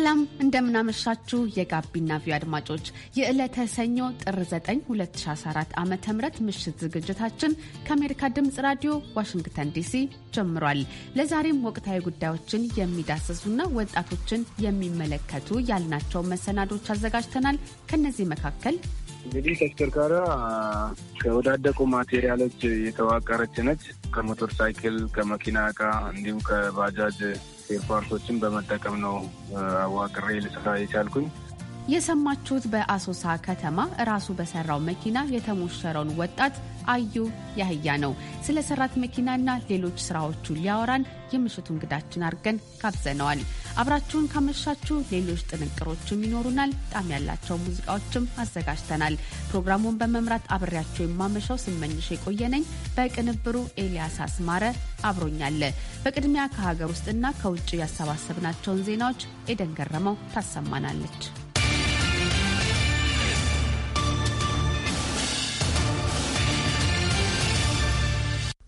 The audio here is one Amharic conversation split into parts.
ሰላም እንደምናመሻችሁ የጋቢና ቪዮ አድማጮች የዕለተ ሰኞ ጥር 9 2014 ዓ ም ምሽት ዝግጅታችን ከአሜሪካ ድምፅ ራዲዮ ዋሽንግተን ዲሲ ጀምሯል። ለዛሬም ወቅታዊ ጉዳዮችን የሚዳስሱና ወጣቶችን የሚመለከቱ ያልናቸው መሰናዶች አዘጋጅተናል። ከነዚህ መካከል እንግዲህ ተሽከርካሪዋ ከወዳደቁ ማቴሪያሎች የተዋቀረች ነች። ከሞተር ሳይክል፣ ከመኪና እቃ እንዲሁም ከባጃጅ ፓርቶችን በመጠቀም ነው አዋቅሬ ልስራ የቻልኩኝ። የሰማችሁት በአሶሳ ከተማ ራሱ በሰራው መኪና የተሞሸረውን ወጣት አዩ ያህያ ነው። ስለ ሰራት መኪናና ሌሎች ስራዎቹ ሊያወራን የምሽቱ እንግዳችን አድርገን ጋብዘነዋል። አብራችሁን ካመሻችሁ ሌሎች ጥንቅሮችም ይኖሩናል። ጣም ያላቸው ሙዚቃዎችም አዘጋጅተናል። ፕሮግራሙን በመምራት አብሬያቸው የማመሻው ስመኝሽ የቆየነኝ፣ በቅንብሩ ኤልያስ አስማረ አብሮኛለ። በቅድሚያ ከሀገር ውስጥና ከውጭ ያሰባሰብናቸውን ዜናዎች ኤደን ገረመው ታሰማናለች።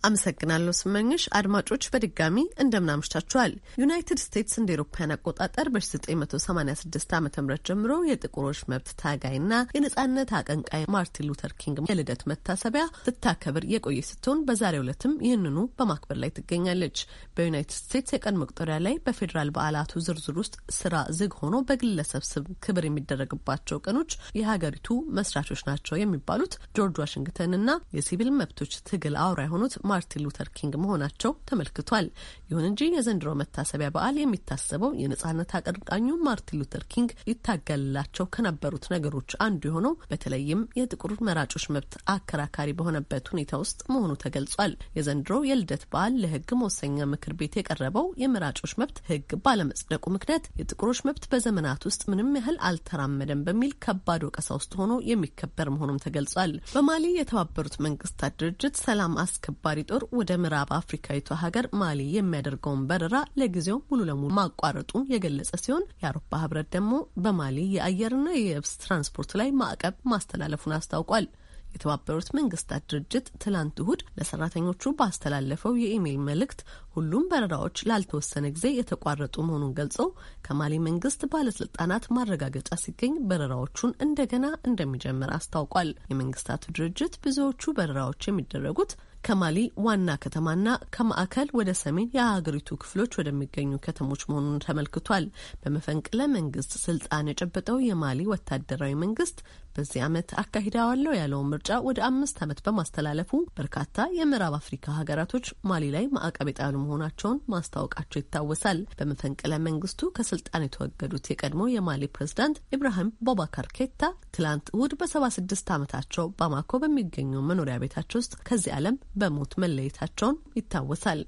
አመሰግናለሁ ስመኝሽ አድማጮች በድጋሚ እንደምናምሽታችኋል። ዩናይትድ ስቴትስ እንደ ኤሮፓያን አቆጣጠር በ1986 ዓ ም ጀምሮ የጥቁሮች መብት ታጋይና የነጻነት አቀንቃይ ማርቲን ሉተር ኪንግ የልደት መታሰቢያ ስታከብር የቆየ ስትሆን በዛሬው ዕለትም ይህንኑ በማክበር ላይ ትገኛለች። በዩናይትድ ስቴትስ የቀን መቁጠሪያ ላይ በፌዴራል በዓላቱ ዝርዝር ውስጥ ስራ ዝግ ሆኖ በግለሰብ ስም ክብር የሚደረግባቸው ቀኖች የሀገሪቱ መስራቾች ናቸው የሚባሉት ጆርጅ ዋሽንግተን እና የሲቪል መብቶች ትግል አውራ የሆኑት ማርቲን ሉተር ኪንግ መሆናቸው ተመልክቷል። ይሁን እንጂ የዘንድሮ መታሰቢያ በዓል የሚታሰበው የነጻነት አቀንቃኙ ማርቲን ሉተር ኪንግ ይታገልላቸው ከነበሩት ነገሮች አንዱ የሆነው በተለይም የጥቁር መራጮች መብት አከራካሪ በሆነበት ሁኔታ ውስጥ መሆኑ ተገልጿል። የዘንድሮ የልደት በዓል ለህግ መወሰኛ ምክር ቤት የቀረበው የመራጮች መብት ህግ ባለመጽደቁ ምክንያት የጥቁሮች መብት በዘመናት ውስጥ ምንም ያህል አልተራመደም በሚል ከባድ ወቀሳ ውስጥ ሆኖ የሚከበር መሆኑም ተገልጿል። በማሊ የተባበሩት መንግስታት ድርጅት ሰላም አስከባሪ ጦር ወደ ምዕራብ አፍሪካዊቷ ሀገር ማሊ የሚያደርገውን በረራ ለጊዜው ሙሉ ለሙሉ ማቋረጡን የገለጸ ሲሆን የአውሮፓ ህብረት ደግሞ በማሊ የአየርና የየብስ ትራንስፖርት ላይ ማዕቀብ ማስተላለፉን አስታውቋል። የተባበሩት መንግስታት ድርጅት ትላንት እሁድ ለሰራተኞቹ ባስተላለፈው የኢሜይል መልእክት ሁሉም በረራዎች ላልተወሰነ ጊዜ የተቋረጡ መሆኑን ገልጸው ከማሊ መንግስት ባለስልጣናት ማረጋገጫ ሲገኝ በረራዎቹን እንደገና እንደሚጀምር አስታውቋል። የመንግስታቱ ድርጅት ብዙዎቹ በረራዎች የሚደረጉት ከማሊ ዋና ከተማና ከማዕከል ወደ ሰሜን የሀገሪቱ ክፍሎች ወደሚገኙ ከተሞች መሆኑን ተመልክቷል። በመፈንቅለ መንግስት ስልጣን የጨበጠው የማሊ ወታደራዊ መንግስት በዚህ ዓመት አካሂደዋለሁ ያለውን ምርጫ ወደ አምስት ዓመት በማስተላለፉ በርካታ የምዕራብ አፍሪካ ሀገራቶች ማሊ ላይ ማዕቀብ የጣሉ መሆናቸውን ማስታወቃቸው ይታወሳል። በመፈንቅለ መንግስቱ ከስልጣን የተወገዱት የቀድሞ የማሊ ፕሬዝዳንት ኢብራሂም ቦባካር ኬታ ትላንት እሁድ በሰባ ስድስት ዓመታቸው ባማኮ በሚገኘው መኖሪያ ቤታቸው ውስጥ ከዚህ ዓለም በሞት መለየታቸውን ይታወሳል።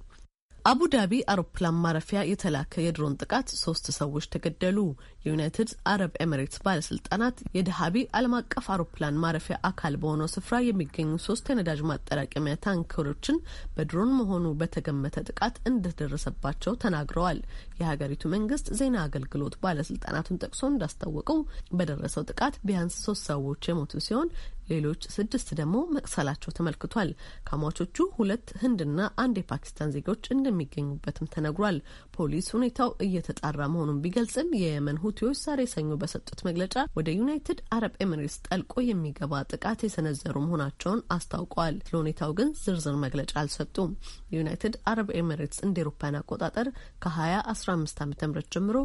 አቡዳቢ አውሮፕላን ማረፊያ የተላከ የድሮን ጥቃት ሶስት ሰዎች ተገደሉ። የዩናይትድ አረብ ኤምሬትስ ባለስልጣናት የደሃቢ ዓለም አቀፍ አውሮፕላን ማረፊያ አካል በሆነው ስፍራ የሚገኙ ሶስት የነዳጅ ማጠራቀሚያ ታንከሮችን በድሮን መሆኑ በተገመተ ጥቃት እንደደረሰባቸው ተናግረዋል። የሀገሪቱ መንግስት ዜና አገልግሎት ባለስልጣናቱን ጠቅሶ እንዳስታወቀው በደረሰው ጥቃት ቢያንስ ሶስት ሰዎች የሞቱ ሲሆን ሌሎች ስድስት ደግሞ መቅሰላቸው ተመልክቷል። ከሟቾቹ ሁለት ህንድና አንድ የፓኪስታን ዜጎች እንደሚገኙበትም ተነግሯል። ፖሊስ ሁኔታው እየተጣራ መሆኑን ቢገልጽም የየመን ሁቲዎች ዛሬ ሰኞ በሰጡት መግለጫ ወደ ዩናይትድ አረብ ኤምሬትስ ጠልቆ የሚገባ ጥቃት የሰነዘሩ መሆናቸውን አስታውቋል። ስለ ሁኔታው ግን ዝርዝር መግለጫ አልሰጡም። የዩናይትድ አረብ ኤምሬትስ እንደ ኤሮፓያን አቆጣጠር ከ20 15 ዓ ም ጀምሮ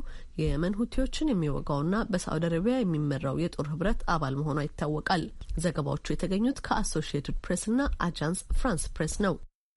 የየመን ሁቲዎችን የሚወጋውና በሳዑዲ አረቢያ የሚመራው የጦር ህብረት አባል መሆኗ ይታወቃል። ዘገባዎቹ የተገኙት ከአሶሺየትድ ፕሬስና አጃንስ ፍራንስ ፕሬስ ነው።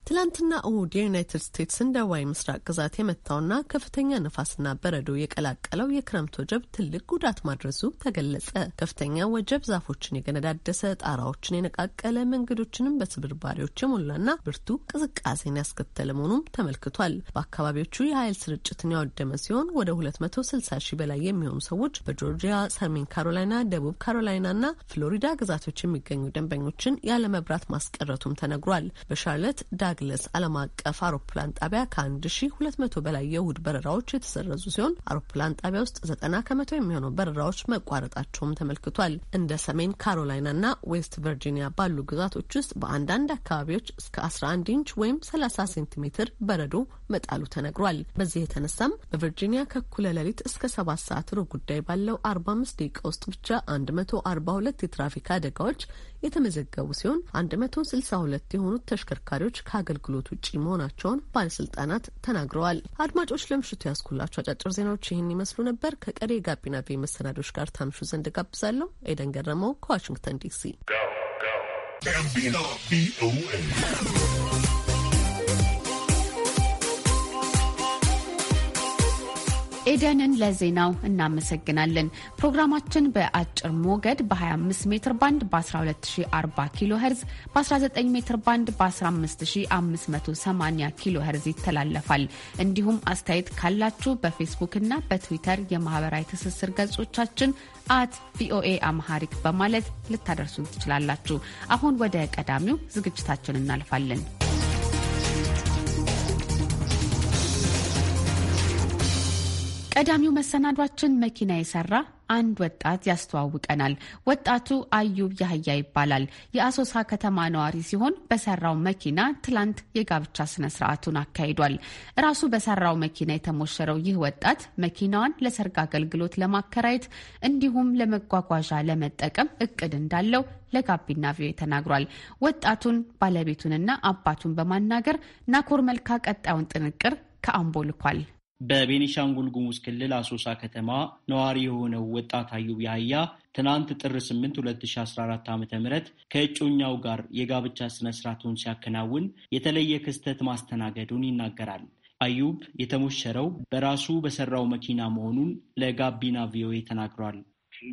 ትላንትና እሁድ የዩናይትድ ስቴትስን ደቡባዊ ምስራቅ ግዛት የመታውና ከፍተኛ ነፋስና በረዶ የቀላቀለው የክረምት ወጀብ ትልቅ ጉዳት ማድረሱ ተገለጸ። ከፍተኛ ወጀብ ዛፎችን የገነዳደሰ፣ ጣራዎችን የነቃቀለ፣ መንገዶችንም በስብርባሪዎች የሞላና ብርቱ ቅዝቃዜን ያስከተለ መሆኑም ተመልክቷል። በአካባቢዎቹ የኃይል ስርጭትን ያወደመ ሲሆን ወደ 260 ሺህ በላይ የሚሆኑ ሰዎች በጆርጂያ፣ ሰሜን ካሮላይና፣ ደቡብ ካሮላይናና ፍሎሪዳ ግዛቶች የሚገኙ ደንበኞችን ያለመብራት ማስቀረቱም ተነግሯል። በሻርለት ዳግለስ ዓለም አቀፍ አውሮፕላን ጣቢያ ከ1200 በላይ የእሁድ በረራዎች የተሰረዙ ሲሆን አውሮፕላን ጣቢያ ውስጥ 9 90 ከመቶ የሚሆኑ በረራዎች መቋረጣቸውም ተመልክቷል። እንደ ሰሜን ካሮላይናና ዌስት ቨርጂኒያ ባሉ ግዛቶች ውስጥ በአንዳንድ አካባቢዎች እስከ 11 ኢንች ወይም 30 ሴንቲሜትር በረዶ መጣሉ ተነግሯል። በዚህ የተነሳም በቨርጂኒያ ከኩለ ሌሊት እስከ ሰባት ሰዓት ሩብ ጉዳይ ባለው አርባ አምስት ደቂቃ ውስጥ ብቻ አንድ መቶ አርባ ሁለት የትራፊክ አደጋዎች የተመዘገቡ ሲሆን አንድ መቶ ስልሳ ሁለት የሆኑት ተሽከርካሪዎች ከአገልግሎት ውጪ መሆናቸውን ባለስልጣናት ተናግረዋል። አድማጮች ለምሽቱ ያስኩላቸው አጫጭር ዜናዎች ይህን ይመስሉ ነበር። ከቀሪ የጋቢና ቤ መሰናዶች ጋር ታምሹ ዘንድ ጋብዛለሁ። ኤደን ገረመው ከዋሽንግተን ዲሲ። ኤደንን ለዜናው እናመሰግናለን። ፕሮግራማችን በአጭር ሞገድ በ25 ሜትር ባንድ በ12040 ኪሎ ሄርዝ፣ 1240 ኪሎ ሄርዝ ይተላለፋል። እንዲሁም አስተያየት ካላችሁ በፌስቡክ እና በትዊተር የማህበራዊ ትስስር ገጾቻችን አት ቪኦኤ አምሃሪክ በማለት ልታደርሱን ትችላላችሁ። አሁን ወደ ቀዳሚው ዝግጅታችን እናልፋለን። ቀዳሚው መሰናዷችን መኪና የሰራ አንድ ወጣት ያስተዋውቀናል። ወጣቱ አዩብ ያህያ ይባላል። የአሶሳ ከተማ ነዋሪ ሲሆን በሰራው መኪና ትላንት የጋብቻ ስነ ስርዓቱን አካሂዷል። ራሱ በሰራው መኪና የተሞሸረው ይህ ወጣት መኪናዋን ለሰርግ አገልግሎት ለማከራየት እንዲሁም ለመጓጓዣ ለመጠቀም እቅድ እንዳለው ለጋቢና ቪዮ ተናግሯል። ወጣቱን ባለቤቱንና አባቱን በማናገር ናኮር መልካ ቀጣዩን ጥንቅር ከአምቦ ልኳል። በቤኒሻንጉል ጉሙዝ ክልል አሶሳ ከተማ ነዋሪ የሆነው ወጣት አዩብ ያህያ ትናንት ጥር 8 2014 ዓ ም ከእጮኛው ጋር የጋብቻ ስነ ስርዓቱን ሲያከናውን የተለየ ክስተት ማስተናገዱን ይናገራል። አዩብ የተሞሸረው በራሱ በሰራው መኪና መሆኑን ለጋቢና ቪኦኤ ተናግሯል።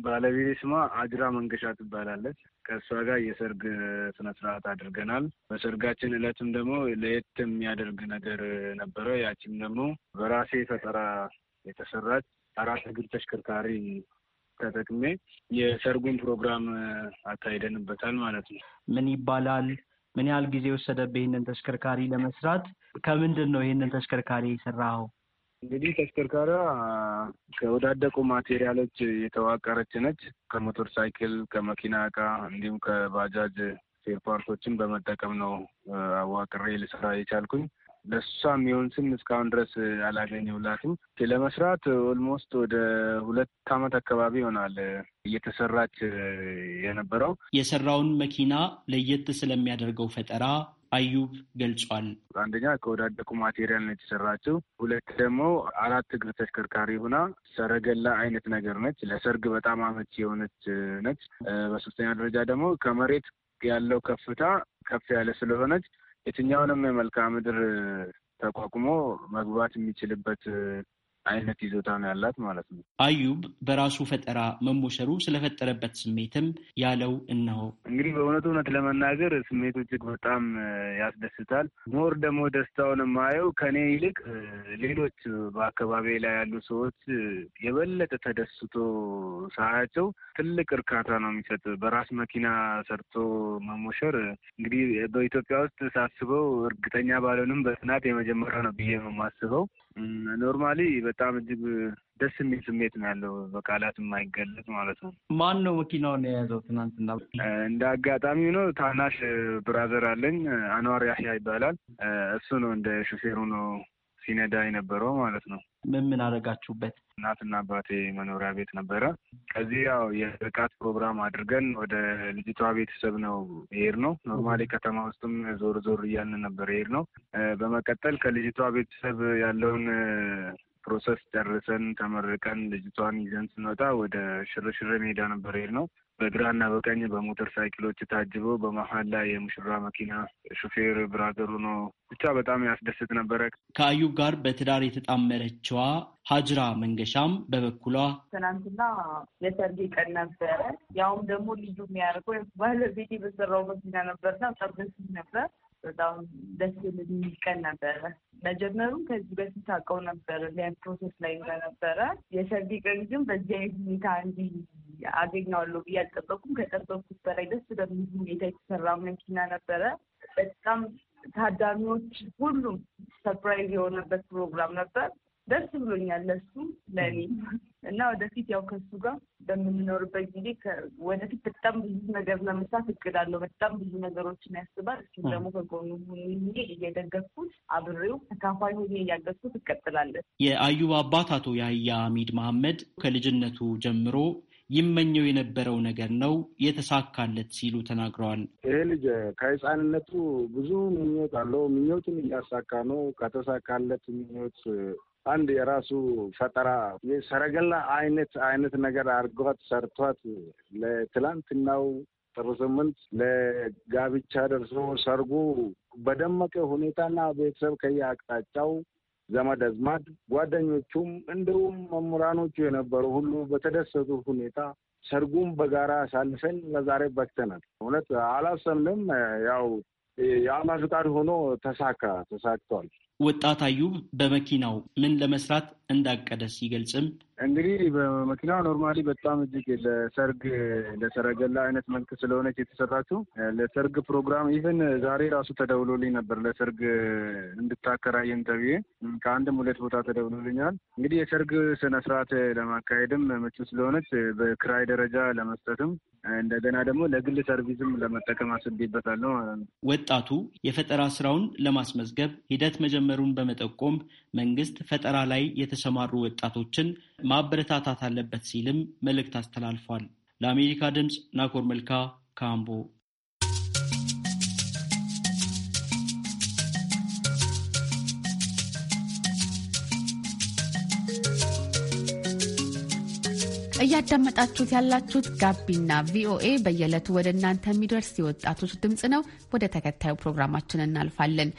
ባለቤቴ ስሟ አድራ መንገሻ ትባላለች። ከእሷ ጋር የሰርግ ስነ ስርዓት አድርገናል። በሰርጋችን እለትም ደግሞ ለየት የሚያደርግ ነገር ነበረ። ያቺም ደግሞ በራሴ ፈጠራ የተሰራች አራት እግር ተሽከርካሪ ተጠቅሜ የሰርጉን ፕሮግራም አካሂደንበታል ማለት ነው። ምን ይባላል? ምን ያህል ጊዜ ወሰደብህ ይህንን ተሽከርካሪ ለመስራት? ከምንድን ነው ይህንን ተሽከርካሪ የሰራኸው? እንግዲህ ተሽከርካሪዋ ከወዳደቁ ማቴሪያሎች የተዋቀረች ነች። ከሞተር ሳይክል፣ ከመኪና እቃ እንዲሁም ከባጃጅ ፌር በመጠቀም ነው አዋቅሬ ልሰራ የቻልኩኝ። ለሷ የሚሆን ስም እስካሁን ድረስ አላገኘሁላትም። ለመስራት ኦልሞስት ወደ ሁለት ዓመት አካባቢ ይሆናል እየተሰራች የነበረው። የሰራውን መኪና ለየት ስለሚያደርገው ፈጠራ አዩብ ገልጿል። አንደኛ ከወዳደቁ ማቴሪያል ነው የሰራችው ሁለት ደግሞ አራት እግር ተሽከርካሪ ሆና ሰረገላ አይነት ነገር ነች። ለሰርግ በጣም አመች የሆነች ነች። በሶስተኛ ደረጃ ደግሞ ከመሬት ያለው ከፍታ ከፍ ያለ ስለሆነች የትኛውንም መልክዓ ምድር ተቋቁሞ መግባት የሚችልበት አይነት ይዞታ ነው ያላት ማለት ነው። አዩብ በራሱ ፈጠራ መሞሸሩ ስለፈጠረበት ስሜትም ያለው እነሆ። እንግዲህ በእውነቱ እውነት ለመናገር ስሜቱ እጅግ በጣም ያስደስታል። ሞር ደግሞ ደስታውን የማየው ከኔ ይልቅ ሌሎች በአካባቢ ላይ ያሉ ሰዎች የበለጠ ተደስቶ ሳያቸው ትልቅ እርካታ ነው የሚሰጥ። በራስ መኪና ሰርቶ መሞሸር እንግዲህ በኢትዮጵያ ውስጥ ሳስበው እርግጠኛ ባልሆንም በጥናት የመጀመሪያ ነው ብዬ ነው የማስበው። ኖርማሊ በጣም እጅግ ደስ የሚል ስሜት ነው ያለው፣ በቃላት የማይገለጽ ማለት ነው። ማን ነው መኪናውን የያዘው? ትናንትና እንደ አጋጣሚ ነው ታናሽ ብራዘር አለኝ፣ አንዋር ያህያ ይባላል። እሱ ነው እንደ ሹፌሩ ነው ሲነዳ የነበረው ማለት ነው። ምን ምን አደረጋችሁበት? እናትና አባቴ መኖሪያ ቤት ነበረ። ከዚህ ያው የርቃት ፕሮግራም አድርገን ወደ ልጅቷ ቤተሰብ ነው ይሄድ ነው። ኖርማሊ ከተማ ውስጥም ዞር ዞር እያልን ነበር ይሄድ ነው። በመቀጠል ከልጅቷ ቤተሰብ ያለውን ፕሮሰስ ጨርሰን ተመርቀን ልጅቷን ይዘን ስንወጣ ወደ ሽርሽር ሜዳ ነበር ይሄድ ነው። በግራና በቀኝ በሞተር ሳይክሎች ታጅበው በመሀል ላይ የሙሽራ መኪና ሹፌር ብራዘሩ ነው። ብቻ በጣም ያስደስት ነበረ። ከአዩብ ጋር በትዳር የተጣመረችዋ ሀጅራ መንገሻም በበኩሏ ትናንትና የሰርጌ ቀን ነበረ። ያውም ደግሞ ልዩ የሚያደርገው ባለቤቴ በሰራው መኪና ነበርና ነበር በጣም ደስ የሚል ቀን ነበረ። መጀመሩ ከዚህ በፊት አውቀው ነበረ ሊያን ፕሮሰስ ላይ እንደነበረ የሰርግ ቀን ግን በዚህ አይነት ሁኔታ እንዲህ አገኘዋለሁ ብዬ አልጠበኩም። ከጠበቅኩት በላይ ደስ በሚል ሁኔታ የተሰራ መኪና ነበረ። በጣም ታዳሚዎች ሁሉም ሰርፕራይዝ የሆነበት ፕሮግራም ነበር። ደስ ብሎኛል ለሱ ለእኔ እና ወደፊት ያው ከሱ ጋር በምንኖርበት ጊዜ ወደፊት በጣም ብዙ ነገር ለመስራት እቅድ በጣም ብዙ ነገሮችን ያስባል። እሱ ደግሞ ከጎኑ ሆኜ እየደገፍኩት አብሬው ተካፋይ ሆኜ እያገዝኩት እቀጥላለን። የአዩብ አባት አቶ ያህያ አሚድ መሐመድ ከልጅነቱ ጀምሮ ይመኘው የነበረው ነገር ነው የተሳካለት ሲሉ ተናግረዋል። ይሄ ልጅ ከህፃንነቱ ብዙ ምኞት አለው። ምኞትን እያሳካ ነው። ከተሳካለት ምኞት አንድ የራሱ ፈጠራ የሰረገላ አይነት አይነት ነገር አድርጓት ሰርቷት ለትላንትናው ጥር ስምንት ለጋብቻ ደርሶ ሰርጉ በደመቀ ሁኔታና ቤተሰብ ከየአቅጣጫው ዘመድ አዝማድ ጓደኞቹም እንዲሁም መምህራኖቹ የነበሩ ሁሉ በተደሰቱ ሁኔታ ሰርጉም በጋራ አሳልፈን ለዛሬ በክተናል። እውነት አላሰምንም። ያው የአላህ ፍቃድ ሆኖ ተሳካ፣ ተሳክቷል። ወጣት አዩብ በመኪናው ምን ለመስራት እንዳቀደ ሲገልጽም እንግዲህ በመኪናው ኖርማሊ በጣም እጅግ ለሰርግ ለሰረገላ አይነት መልክ ስለሆነች የተሰራችው ለሰርግ ፕሮግራም ኢቨን ዛሬ ራሱ ተደውሎልኝ ነበር ለሰርግ እንድታከራየን ተብዬ ከአንድም ሁለት ቦታ ተደውሎልኛል። እንግዲህ የሰርግ ስነስርዓት ለማካሄድም ምቹ ስለሆነች በክራይ ደረጃ ለመስጠትም እንደገና ደግሞ ለግል ሰርቪስም ለመጠቀም አስቤበታለሁ ማለት ነው። ወጣቱ የፈጠራ ስራውን ለማስመዝገብ ሂደት መጀመ መጀመሩን በመጠቆም መንግስት ፈጠራ ላይ የተሰማሩ ወጣቶችን ማበረታታት አለበት ሲልም መልእክት አስተላልፏል። ለአሜሪካ ድምፅ ናኮር መልካ ካምቦ እያዳመጣችሁት ያላችሁት ጋቢና ቪኦኤ በየዕለቱ ወደ እናንተ የሚደርስ የወጣቶች ድምፅ ነው። ወደ ተከታዩ ፕሮግራማችን እናልፋለን።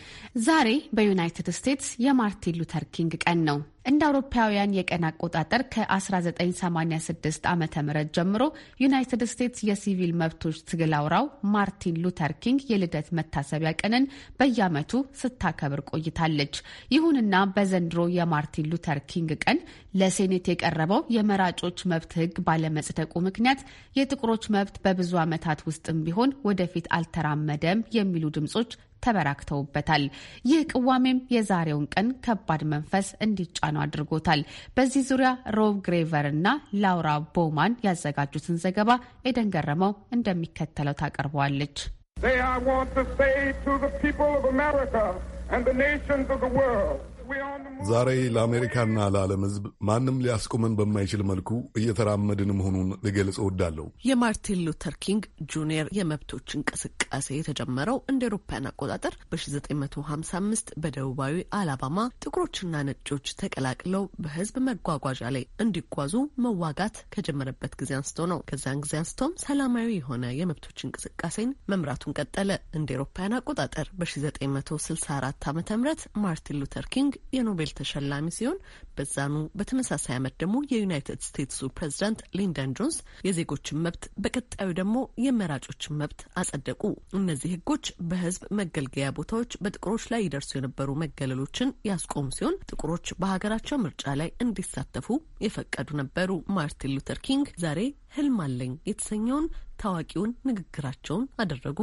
ዛሬ በዩናይትድ ስቴትስ የማርቲን ሉተር ኪንግ ቀን ነው። እንደ አውሮፓውያን የቀን አቆጣጠር ከ1986 ዓ ም ጀምሮ ዩናይትድ ስቴትስ የሲቪል መብቶች ትግል አውራው ማርቲን ሉተር ኪንግ የልደት መታሰቢያ ቀንን በየዓመቱ ስታከብር ቆይታለች። ይሁንና በዘንድሮ የማርቲን ሉተር ኪንግ ቀን ለሴኔት የቀረበው የመራጮች መብት ሕግ ባለመጽደቁ ምክንያት የጥቁሮች መብት በብዙ ዓመታት ውስጥም ቢሆን ወደፊት አልተራመደም የሚሉ ድምጾች ተበራክተውበታል። ይህ ቅዋሜም የዛሬውን ቀን ከባድ መንፈስ እንዲጫኑ አድርጎታል። በዚህ ዙሪያ ሮብ ግሬቨር እና ላውራ ቦማን ያዘጋጁትን ዘገባ ኤደን ገረመው እንደሚከተለው ታቀርበዋለች። They I want to say to the people of America and the nations of the world ዛሬ ለአሜሪካና ለዓለም ሕዝብ ማንም ሊያስቆመን በማይችል መልኩ እየተራመድን መሆኑን ልገልጽ እወዳለሁ። የማርቲን ሉተር ኪንግ ጁኒየር የመብቶች እንቅስቃሴ የተጀመረው እንደ ኤሮፓያን አቆጣጠር በ1955 በደቡባዊ አላባማ ጥቁሮችና ነጮች ተቀላቅለው በህዝብ መጓጓዣ ላይ እንዲጓዙ መዋጋት ከጀመረበት ጊዜ አንስቶ ነው። ከዚያን ጊዜ አንስቶም ሰላማዊ የሆነ የመብቶች እንቅስቃሴን መምራቱን ቀጠለ። እንደ ኤሮፓያን አቆጣጠር በ1964 ዓ ም ማርቲን ሉተር ኪንግ የኖቤል ተሸላሚ ሲሆን በዛኑ በተመሳሳይ ዓመት ደግሞ የዩናይትድ ስቴትሱ ፕሬዚዳንት ሊንደን ጆንስ የዜጎችን መብት በቀጣዩ ደግሞ የመራጮችን መብት አጸደቁ። እነዚህ ሕጎች በህዝብ መገልገያ ቦታዎች በጥቁሮች ላይ ይደርሱ የነበሩ መገለሎችን ያስቆሙ ሲሆን ጥቁሮች በሀገራቸው ምርጫ ላይ እንዲሳተፉ የፈቀዱ ነበሩ። ማርቲን ሉተር ኪንግ ዛሬ ህልም አለኝ የተሰኘውን ታዋቂውን ንግግራቸውን አደረጉ።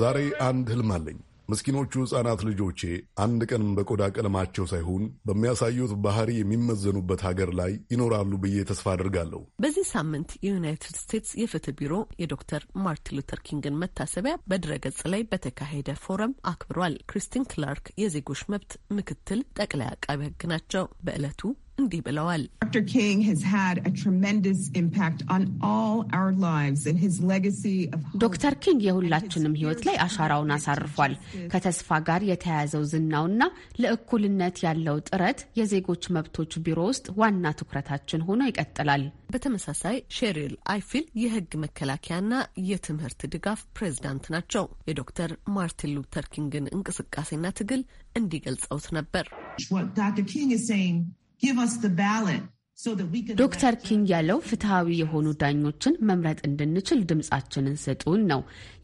ዛሬ አንድ ህልም አለኝ። ምስኪኖቹ ሕፃናት ልጆቼ አንድ ቀን በቆዳ ቀለማቸው ሳይሆን በሚያሳዩት ባህሪ የሚመዘኑበት ሀገር ላይ ይኖራሉ ብዬ ተስፋ አድርጋለሁ። በዚህ ሳምንት የዩናይትድ ስቴትስ የፍትህ ቢሮ የዶክተር ማርቲን ሉተር ኪንግን መታሰቢያ በድረገጽ ላይ በተካሄደ ፎረም አክብሯል። ክሪስቲን ክላርክ የዜጎች መብት ምክትል ጠቅላይ አቃቢ ህግ ናቸው። በዕለቱ እንዲህ ብለዋል። ዶክተር ኪንግ የሁላችንም ህይወት ላይ አሻራውን አሳርፏል። ከተስፋ ጋር የተያያዘው ዝናውና ለእኩልነት ያለው ጥረት የዜጎች መብቶች ቢሮ ውስጥ ዋና ትኩረታችን ሆኖ ይቀጥላል። በተመሳሳይ ሼሪል አይፊል የህግ መከላከያና የትምህርት ድጋፍ ፕሬዝዳንት ናቸው። የዶክተር ማርቲን ሉተር ኪንግን እንቅስቃሴና ትግል እንዲገልጸውት ነበር ዶክተር ኪንግ ያለው ፍትሐዊ የሆኑ ዳኞችን መምረጥ እንድንችል ድምፃችንን ስጡን ነው።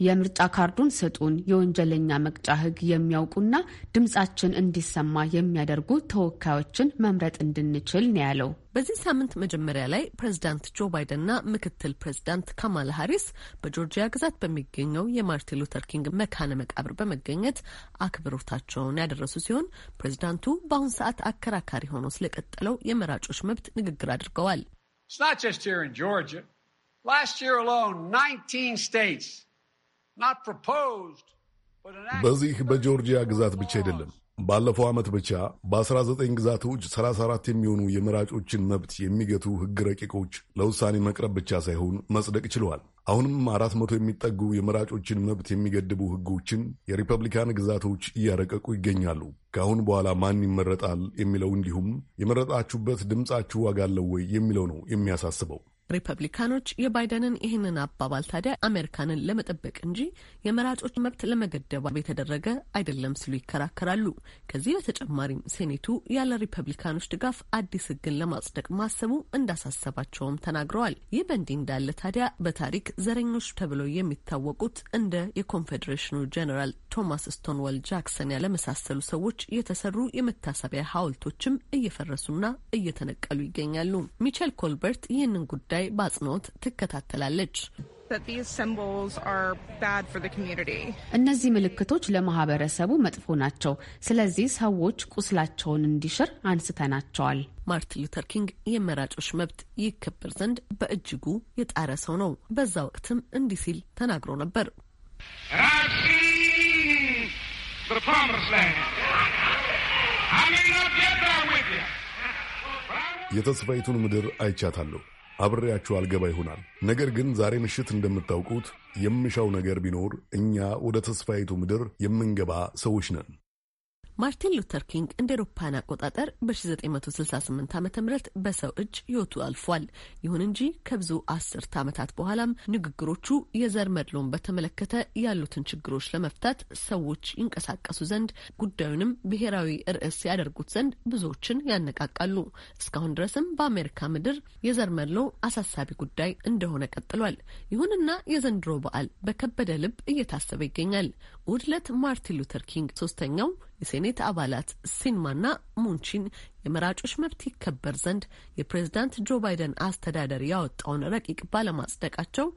የምርጫ ካርዱን ስጡን። የወንጀለኛ መቅጫ ሕግ የሚያውቁና ድምፃችን እንዲሰማ የሚያደርጉ ተወካዮችን መምረጥ እንድንችል ነው ያለው። በዚህ ሳምንት መጀመሪያ ላይ ፕሬዚዳንት ጆ ባይደንና ምክትል ፕሬዚዳንት ካማላ ሀሪስ በጆርጂያ ግዛት በሚገኘው የማርቲን ሉተር ኪንግ መካነ መቃብር በመገኘት አክብሮታቸውን ያደረሱ ሲሆን ፕሬዚዳንቱ በአሁኑ ሰዓት አከራካሪ ሆኖ ስለቀጠለው የመራጮች መብት ንግግር አድርገዋል። በዚህ በጆርጂያ ግዛት ብቻ አይደለም ባለፈው ዓመት ብቻ በ19 ግዛቶች 34 የሚሆኑ የመራጮችን መብት የሚገቱ ሕግ ረቂቆች ለውሳኔ መቅረብ ብቻ ሳይሆን መጽደቅ ችለዋል። አሁንም 400 የሚጠጉ የመራጮችን መብት የሚገድቡ ሕጎችን የሪፐብሊካን ግዛቶች እያረቀቁ ይገኛሉ። ከአሁን በኋላ ማን ይመረጣል የሚለው እንዲሁም የመረጣችሁበት ድምፃችሁ ዋጋ አለው ወይ የሚለው ነው የሚያሳስበው። ሪፐብሊካኖች የባይደንን ይህንን አባባል ታዲያ አሜሪካንን ለመጠበቅ እንጂ የመራጮች መብት ለመገደብ የተደረገ አይደለም ሲሉ ይከራከራሉ። ከዚህ በተጨማሪም ሴኔቱ ያለ ሪፐብሊካኖች ድጋፍ አዲስ ሕግን ለማጽደቅ ማሰቡ እንዳሳሰባቸውም ተናግረዋል። ይህ በእንዲህ እንዳለ ታዲያ በታሪክ ዘረኞች ተብለው የሚታወቁት እንደ የኮንፌዴሬሽኑ ጀኔራል ቶማስ ስቶንዋል ጃክሰን ያለመሳሰሉ ሰዎች የተሰሩ የመታሰቢያ ሐውልቶችም እየፈረሱና እየተነቀሉ ይገኛሉ። ሚቸል ኮልበርት ይህንን ጉዳይ ጉዳይ በአጽንኦት ትከታተላለች። እነዚህ ምልክቶች ለማህበረሰቡ መጥፎ ናቸው። ስለዚህ ሰዎች ቁስላቸውን እንዲሽር አንስተናቸዋል። ማርቲን ሉተር ኪንግ የመራጮች መብት ይከበር ዘንድ በእጅጉ የጣረ ሰው ነው። በዛ ወቅትም እንዲህ ሲል ተናግሮ ነበር። የተስፋይቱን ምድር አይቻታለሁ አብሬያችሁ አልገባ ይሆናል። ነገር ግን ዛሬ ምሽት እንደምታውቁት የምሻው ነገር ቢኖር እኛ ወደ ተስፋይቱ ምድር የምንገባ ሰዎች ነን። ማርቲን ሉተር ኪንግ እንደ ኤሮፓን አቆጣጠር በ1968 ዓ ም በሰው እጅ ህይወቱ አልፏል። ይሁን እንጂ ከብዙ አስርት ዓመታት በኋላም ንግግሮቹ የዘር መድሎን በተመለከተ ያሉትን ችግሮች ለመፍታት ሰዎች ይንቀሳቀሱ ዘንድ ጉዳዩንም ብሔራዊ ርዕስ ያደርጉት ዘንድ ብዙዎችን ያነቃቃሉ። እስካሁን ድረስም በአሜሪካ ምድር የዘር መድሎ አሳሳቢ ጉዳይ እንደሆነ ቀጥሏል። ይሁንና የዘንድሮ በዓል በከበደ ልብ እየታሰበ ይገኛል። ውድለት ማርቲን ሉተር ኪንግ ሶስተኛው የሴኔት አባላት ሲንማና ሙንቺን የመራጮች መብት ይከበር ዘንድ የፕሬዝዳንት ጆ ባይደን አስተዳደር ያወጣውን ረቂቅ ባለማጽደቃቸው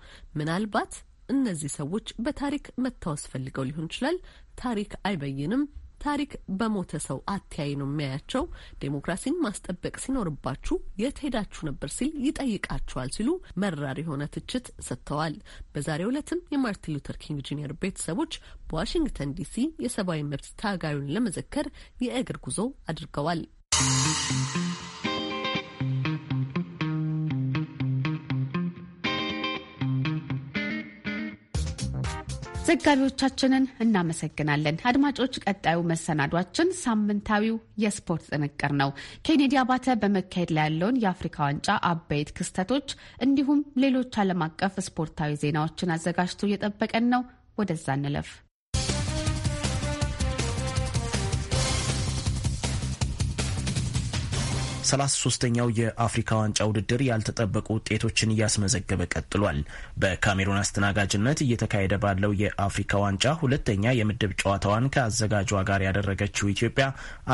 ምናልባት እነዚህ ሰዎች በታሪክ መታወስ ፈልገው ሊሆን ይችላል። ታሪክ አይበይንም። ታሪክ በሞተ ሰው አተያይ ነው የሚያያቸው። ዴሞክራሲን ማስጠበቅ ሲኖርባችሁ የት ሄዳችሁ ነበር ሲል ይጠይቃችኋል ሲሉ መራር የሆነ ትችት ሰጥተዋል። በዛሬ ዕለትም የማርቲን ሉተር ኪንግ ጁኒየር ቤተሰቦች በዋሽንግተን ዲሲ የሰብአዊ መብት ታጋዩን ለመዘከር የእግር ጉዞ አድርገዋል። ዘጋቢዎቻችንን እናመሰግናለን። አድማጮች፣ ቀጣዩ መሰናዷችን ሳምንታዊው የስፖርት ጥንቅር ነው። ኬኔዲ አባተ በመካሄድ ላይ ያለውን የአፍሪካ ዋንጫ አበይት ክስተቶች እንዲሁም ሌሎች ዓለም አቀፍ ስፖርታዊ ዜናዎችን አዘጋጅቶ እየጠበቀን ነው። ወደዛ እንለፍ። ሰላሳ ሶስተኛው የአፍሪካ ዋንጫ ውድድር ያልተጠበቁ ውጤቶችን እያስመዘገበ ቀጥሏል። በካሜሩን አስተናጋጅነት እየተካሄደ ባለው የአፍሪካ ዋንጫ ሁለተኛ የምድብ ጨዋታዋን ከአዘጋጇ ጋር ያደረገችው ኢትዮጵያ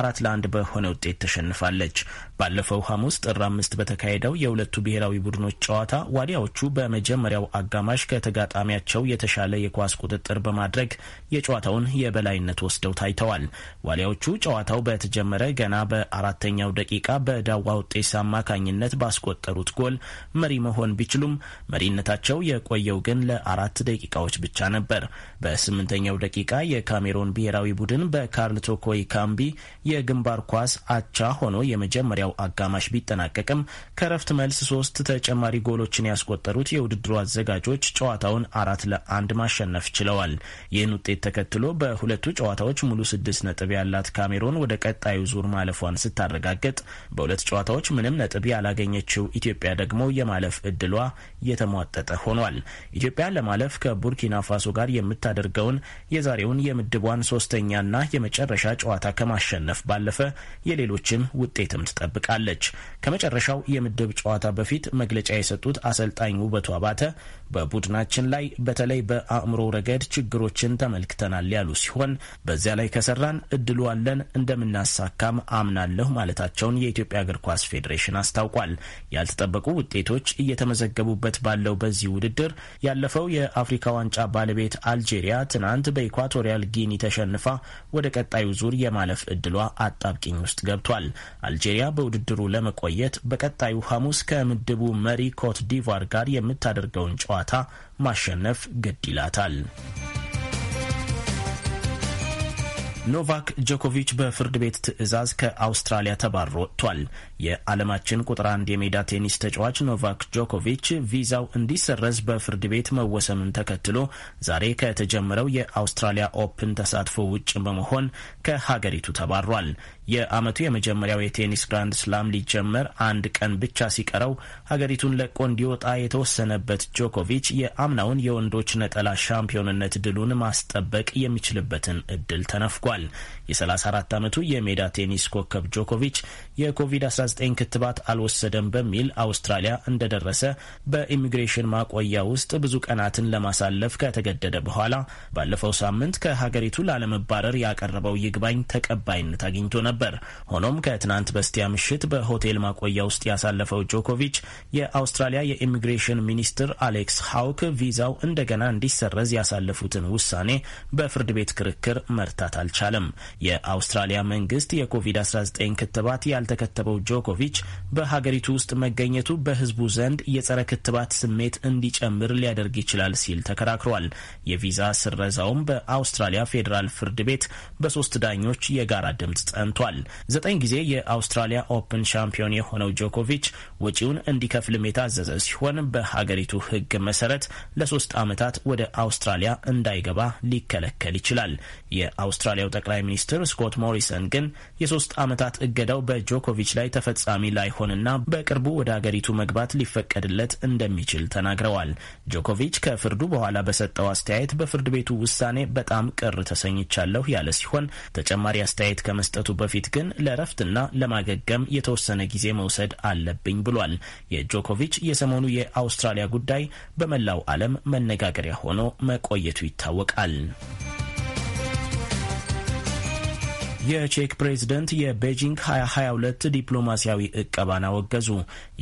አራት ለአንድ በሆነ ውጤት ተሸንፋለች። ባለፈው ሐሙስ ጥር አምስት በተካሄደው የሁለቱ ብሔራዊ ቡድኖች ጨዋታ ዋሊያዎቹ በመጀመሪያው አጋማሽ ከተጋጣሚያቸው የተሻለ የኳስ ቁጥጥር በማድረግ የጨዋታውን የበላይነት ወስደው ታይተዋል። ዋሊያዎቹ ጨዋታው በተጀመረ ገና በአራተኛው ደቂቃ በ በዳዋ ውጤሳ አማካኝነት ባስቆጠሩት ጎል መሪ መሆን ቢችሉም መሪነታቸው የቆየው ግን ለአራት ደቂቃዎች ብቻ ነበር። በስምንተኛው ደቂቃ የካሜሮን ብሔራዊ ቡድን በካርል ቶኮይ ካምቢ የግንባር ኳስ አቻ ሆኖ የመጀመሪያው አጋማሽ ቢጠናቀቅም ከረፍት መልስ ሶስት ተጨማሪ ጎሎችን ያስቆጠሩት የውድድሩ አዘጋጆች ጨዋታውን አራት ለአንድ ማሸነፍ ችለዋል። ይህን ውጤት ተከትሎ በሁለቱ ጨዋታዎች ሙሉ ስድስት ነጥብ ያላት ካሜሮን ወደ ቀጣዩ ዙር ማለፏን ስታረጋግጥ በሁለ ሁለት ጨዋታዎች ምንም ነጥብ ያላገኘችው ኢትዮጵያ ደግሞ የማለፍ እድሏ የተሟጠጠ ሆኗል። ኢትዮጵያ ለማለፍ ከቡርኪና ፋሶ ጋር የምታደርገውን የዛሬውን የምድቧን ሶስተኛና የመጨረሻ ጨዋታ ከማሸነፍ ባለፈ የሌሎችን ውጤትም ትጠብቃለች። ከመጨረሻው የምድብ ጨዋታ በፊት መግለጫ የሰጡት አሰልጣኝ ውበቱ አባተ በቡድናችን ላይ በተለይ በአእምሮ ረገድ ችግሮችን ተመልክተናል ያሉ ሲሆን በዚያ ላይ ከሰራን እድሉ አለን እንደምናሳካም አምናለሁ ማለታቸውን የኢትዮጵያ እግር ኳስ ፌዴሬሽን አስታውቋል። ያልተጠበቁ ውጤቶች እየተመዘገቡበት ባለው በዚህ ውድድር ያለፈው የአፍሪካ ዋንጫ ባለቤት አልጄሪያ ትናንት በኢኳቶሪያል ጊኒ ተሸንፋ ወደ ቀጣዩ ዙር የማለፍ እድሏ አጣብቂኝ ውስጥ ገብቷል። አልጄሪያ በውድድሩ ለመቆየት በቀጣዩ ሐሙስ ከምድቡ መሪ ኮት ዲቫር ጋር የምታደርገውን ጨዋ ጨዋታ ማሸነፍ ግድ ይላታል። ኖቫክ ጆኮቪች በፍርድ ቤት ትዕዛዝ ከአውስትራሊያ ተባሮ ወጥቷል። የዓለማችን ቁጥር አንድ የሜዳ ቴኒስ ተጫዋች ኖቫክ ጆኮቪች ቪዛው እንዲሰረዝ በፍርድ ቤት መወሰኑን ተከትሎ ዛሬ ከተጀመረው የአውስትራሊያ ኦፕን ተሳትፎ ውጭ በመሆን ከሀገሪቱ ተባሯል። የዓመቱ የመጀመሪያው የቴኒስ ግራንድ ስላም ሊጀመር አንድ ቀን ብቻ ሲቀረው ሀገሪቱን ለቆ እንዲወጣ የተወሰነበት ጆኮቪች የአምናውን የወንዶች ነጠላ ሻምፒዮንነት ድሉን ማስጠበቅ የሚችልበትን እድል ተነፍጓል። ተናግረዋል። የ34 ዓመቱ የሜዳ ቴኒስ ኮከብ ጆኮቪች የኮቪድ-19 ክትባት አልወሰደም በሚል አውስትራሊያ እንደደረሰ በኢሚግሬሽን ማቆያ ውስጥ ብዙ ቀናትን ለማሳለፍ ከተገደደ በኋላ ባለፈው ሳምንት ከሀገሪቱ ላለመባረር ያቀረበው ይግባኝ ተቀባይነት አግኝቶ ነበር። ሆኖም ከትናንት በስቲያ ምሽት በሆቴል ማቆያ ውስጥ ያሳለፈው ጆኮቪች የአውስትራሊያ የኢሚግሬሽን ሚኒስትር አሌክስ ሀውክ ቪዛው እንደገና እንዲሰረዝ ያሳለፉትን ውሳኔ በፍርድ ቤት ክርክር መርታት አልቻለም። አልቻለም። የአውስትራሊያ መንግስት የኮቪድ-19 ክትባት ያልተከተበው ጆኮቪች በሀገሪቱ ውስጥ መገኘቱ በህዝቡ ዘንድ የጸረ ክትባት ስሜት እንዲጨምር ሊያደርግ ይችላል ሲል ተከራክሯል። የቪዛ ስረዛውም በአውስትራሊያ ፌዴራል ፍርድ ቤት በሶስት ዳኞች የጋራ ድምፅ ጸንቷል። ዘጠኝ ጊዜ የአውስትራሊያ ኦፕን ሻምፒዮን የሆነው ጆኮቪች ወጪውን እንዲከፍልም የታዘዘ ሲሆን በሀገሪቱ ህግ መሰረት ለሶስት ዓመታት ወደ አውስትራሊያ እንዳይገባ ሊከለከል ይችላል። የአውስትራሊያው ጠቅላይ ሚኒስትር ስኮት ሞሪሰን ግን የሶስት ዓመታት እገዳው በጆኮቪች ላይ ተፈጻሚ ላይሆንና በቅርቡ ወደ አገሪቱ መግባት ሊፈቀድለት እንደሚችል ተናግረዋል። ጆኮቪች ከፍርዱ በኋላ በሰጠው አስተያየት በፍርድ ቤቱ ውሳኔ በጣም ቅር ተሰኝቻለሁ ያለ ሲሆን ተጨማሪ አስተያየት ከመስጠቱ በፊት ግን ለረፍትና ለማገገም የተወሰነ ጊዜ መውሰድ አለብኝ ብሏል። የጆኮቪች የሰሞኑ የአውስትራሊያ ጉዳይ በመላው ዓለም መነጋገሪያ ሆኖ መቆየቱ ይታወቃል። የቼክ ፕሬዝደንት የቤጂንግ 2022 ዲፕሎማሲያዊ እቀባን አወገዙ።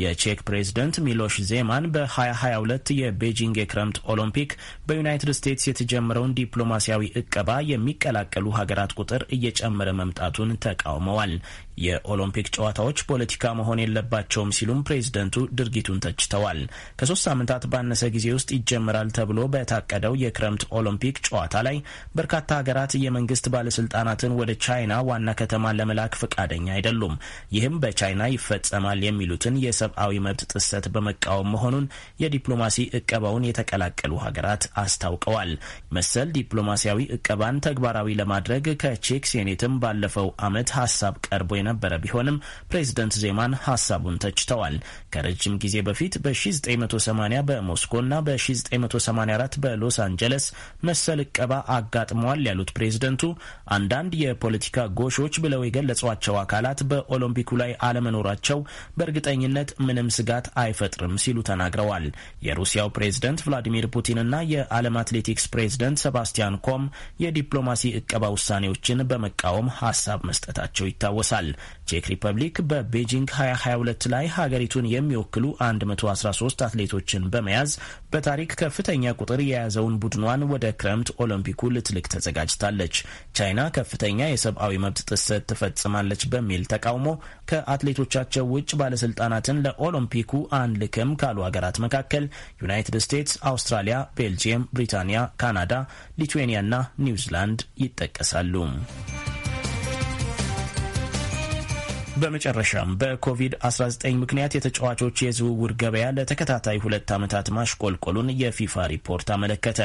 የቼክ ፕሬዝደንት ሚሎሽ ዜማን በ2022 የቤጂንግ የክረምት ኦሎምፒክ በዩናይትድ ስቴትስ የተጀመረውን ዲፕሎማሲያዊ እቀባ የሚቀላቀሉ ሀገራት ቁጥር እየጨመረ መምጣቱን ተቃውመዋል። የኦሎምፒክ ጨዋታዎች ፖለቲካ መሆን የለባቸውም ሲሉም ፕሬዝደንቱ ድርጊቱን ተችተዋል። ከሶስት ሳምንታት ባነሰ ጊዜ ውስጥ ይጀምራል ተብሎ በታቀደው የክረምት ኦሎምፒክ ጨዋታ ላይ በርካታ ሀገራት የመንግስት ባለስልጣናትን ወደ ቻይና ዋና ከተማ ለመላክ ፈቃደኛ አይደሉም። ይህም በቻይና ይፈጸማል የሚሉትን የሰብአዊ መብት ጥሰት በመቃወም መሆኑን የዲፕሎማሲ እቀባውን የተቀላቀሉ ሀገራት አስታውቀዋል። መሰል ዲፕሎማሲያዊ እቀባን ተግባራዊ ለማድረግ ከቼክ ሴኔትም ባለፈው አመት ሀሳብ ቀርቦ የነበረ ቢሆንም ፕሬዝደንት ዜማን ሀሳቡን ተችተዋል። ከረጅም ጊዜ በፊት በ1980 በሞስኮና በ1984 በሎስ አንጀለስ መሰል እቀባ አጋጥመዋል ያሉት ፕሬዝደንቱ አንዳንድ የፖለቲካ ጎሾች ብለው የገለጿቸው አካላት በኦሎምፒኩ ላይ አለመኖራቸው በእርግጠኝነት ምንም ስጋት አይፈጥርም ሲሉ ተናግረዋል። የሩሲያው ፕሬዝደንት ቭላዲሚር ፑቲንና የዓለም አትሌቲክስ ፕሬዝደንት ሰባስቲያን ኮም የዲፕሎማሲ እቀባ ውሳኔዎችን በመቃወም ሀሳብ መስጠታቸው ይታወሳል። ቼክ ሪፐብሊክ በቤጂንግ 2022 ላይ ሀገሪቱን የሚወክሉ 113 አትሌቶችን በመያዝ በታሪክ ከፍተኛ ቁጥር የያዘውን ቡድኗን ወደ ክረምት ኦሎምፒኩ ልትልክ ተዘጋጅታለች። ቻይና ከፍተኛ የሰብአዊ መብት ጥሰት ትፈጽማለች በሚል ተቃውሞ ከአትሌቶቻቸው ውጭ ባለስልጣናትን ለኦሎምፒኩ አንልክም ካሉ ሀገራት መካከል ዩናይትድ ስቴትስ፣ አውስትራሊያ፣ ቤልጂየም፣ ብሪታንያ፣ ካናዳ፣ ና ኒውዚላንድ ይጠቀሳሉ። በመጨረሻም በኮቪድ-19 ምክንያት የተጫዋቾች የዝውውር ገበያ ለተከታታይ ሁለት ዓመታት ማሽቆልቆሉን የፊፋ ሪፖርት አመለከተ።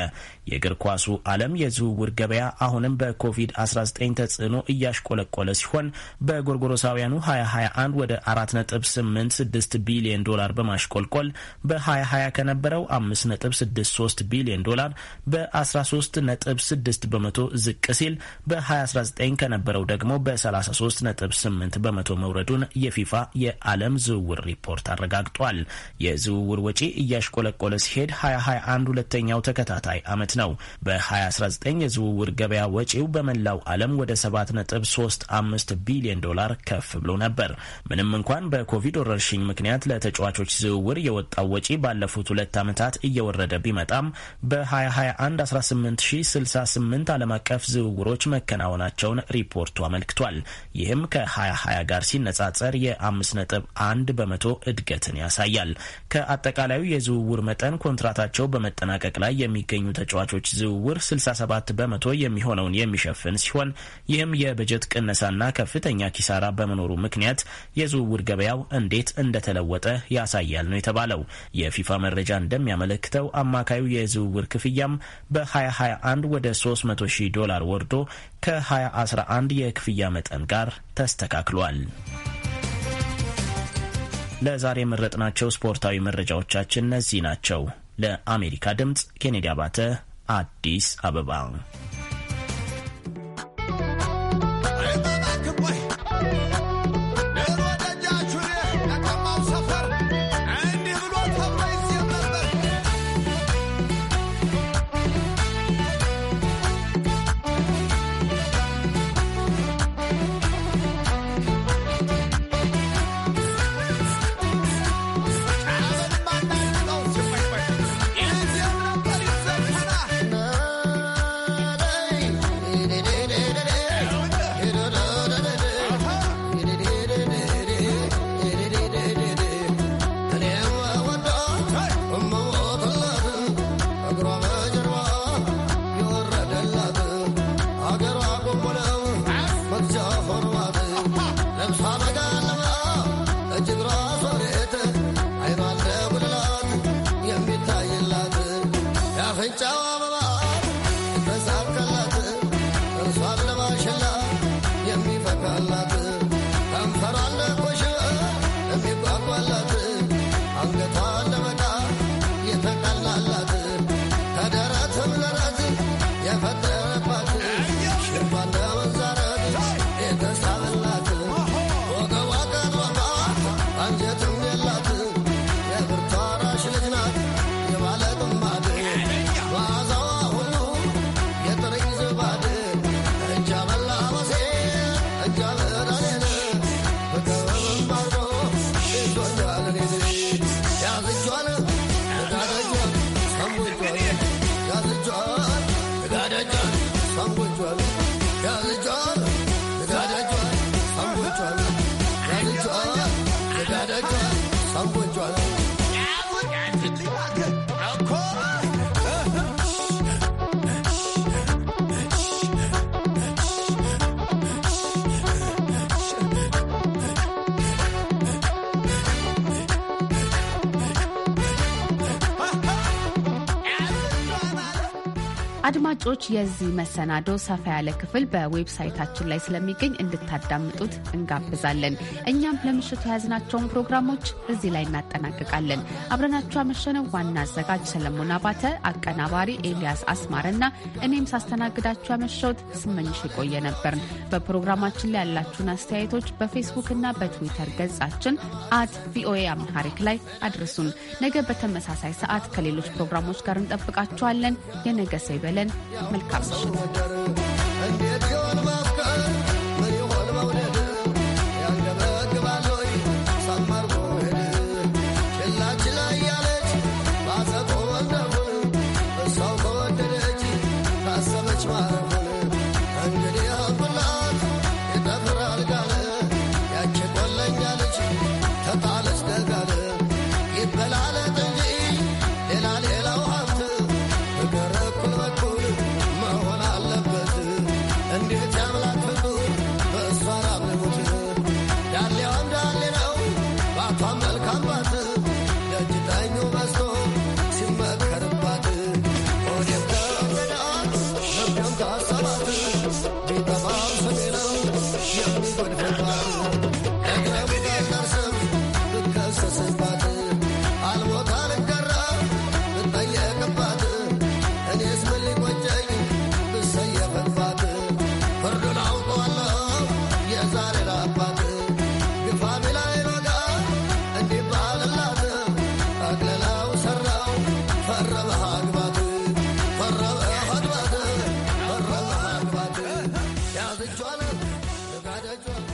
የእግር ኳሱ ዓለም የዝውውር ገበያ አሁንም በኮቪድ-19 ተጽዕኖ እያሽቆለቆለ ሲሆን በጎርጎሮሳውያኑ 2021 ወደ 4.86 ቢሊዮን ዶላር በማሽቆልቆል በ2020 ከነበረው 5.63 ቢሊዮን ዶላር በ13.6 በመቶ ዝቅ ሲል በ2019 ከነበረው ደግሞ በ33.8 በመቶ መውረዱን የፊፋ የዓለም ዝውውር ሪፖርት አረጋግጧል። የዝውውር ወጪ እያሽቆለቆለ ሲሄድ 2021 ሁለተኛው ተከታታይ ዓመት ነው። በ2019 የዝውውር ገበያ ወጪው በመላው ዓለም ወደ 7.35 ቢሊዮን ዶላር ከፍ ብሎ ነበር። ምንም እንኳን በኮቪድ ወረርሽኝ ምክንያት ለተጫዋቾች ዝውውር የወጣው ወጪ ባለፉት ሁለት ዓመታት እየወረደ ቢመጣም በ2021 18068 ዓለም አቀፍ ዝውውሮች መከናወናቸውን ሪፖርቱ አመልክቷል። ይህም ከ2020 ጋር ሲነጻጸር የ ነጥብ በመቶ እድገትን ያሳያል። ከአጠቃላዩ የዝውውር መጠን ኮንትራታቸው በመጠናቀቅ ላይ የሚገኙ ተጫዋቾች ዝውውር 67 በመቶ የሚሆነውን የሚሸፍን ሲሆን ይህም የበጀት ቅነሳና ከፍተኛ ኪሳራ በመኖሩ ምክንያት የዝውውር ገበያው እንዴት እንደተለወጠ ያሳያል ነው የተባለው። የፊፋ መረጃ እንደሚያመለክተው አማካዩ የዝውውር ክፍያም በ2021 ወደ 300 ሺህ ዶላር ወርዶ ከ2011 የክፍያ መጠን ጋር ተስተካክሏል። ለዛሬ የመረጥናቸው ስፖርታዊ መረጃዎቻችን እነዚህ ናቸው። ለአሜሪካ ድምፅ ኬኔዲ አባተ አዲስ አበባ አድማጮች የዚህ መሰናዶ ሰፋ ያለ ክፍል በዌብሳይታችን ላይ ስለሚገኝ እንድታዳምጡት እንጋብዛለን። እኛም ለምሽቱ የያዝናቸውን ፕሮግራሞች እዚህ ላይ እናጠናቅቃለን። አብረናችሁ ያመሸነው ዋና አዘጋጅ ሰለሞን አባተ፣ አቀናባሪ ኤልያስ አስማረና እኔም ሳስተናግዳችሁ ያመሸሁት ስመኝሽ የቆየ ነበርን። በፕሮግራማችን ላይ ያላችሁን አስተያየቶች በፌስቡክ እና በትዊተር ገጻችን አት ቪኦኤ አምሃሪክ ላይ አድርሱን። ነገ በተመሳሳይ ሰዓት ከሌሎች ፕሮግራሞች ጋር እንጠብቃችኋለን። የነገ ሰው ይበለን። እንላለን። መልካም ምሽት።